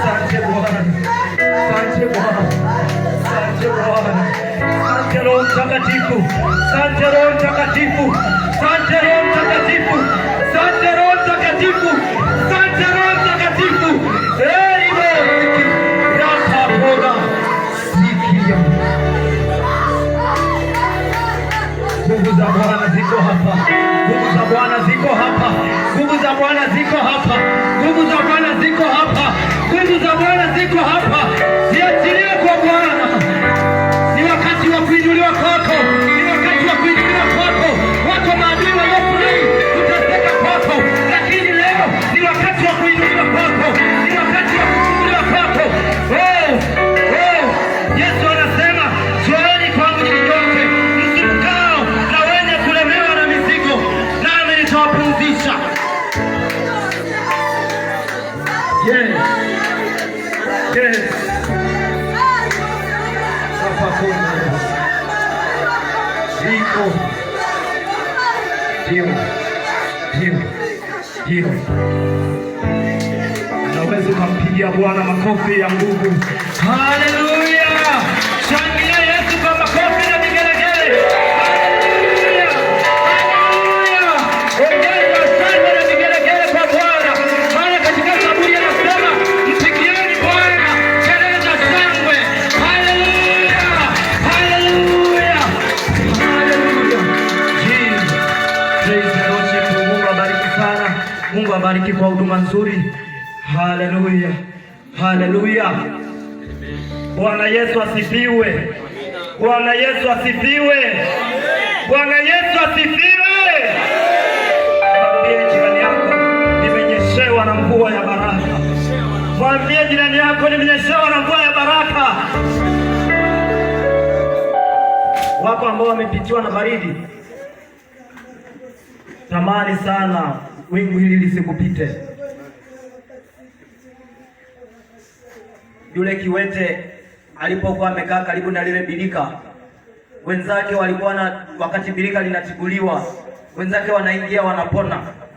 Asante za Bwana ziko nguvu za Bwana ziko hapa, nguvu za Bwana ziko hapa, nguvu za Bwana Anaweza kumpigia Bwana makofi ya nguvu. Haleluya! Shangilia Mungu abariki kwa huduma nzuri. Haleluya, haleluya. Bwana Yesu asifiwe. Bwana Yesu asifiwe. Bwana Yesu asifiwe. Mwambie jirani yako nimenyeshewa na mvua ya baraka. Mwambie jirani yako nimenyeshewa na mvua ya baraka. Wapo ambao wamepitiwa na baridi, tamani sana wingu hili lisikupite. Yule kiwete alipokuwa amekaa karibu na lile birika, wenzake walikuwa na, wakati birika linatibuliwa, wenzake wanaingia wanapona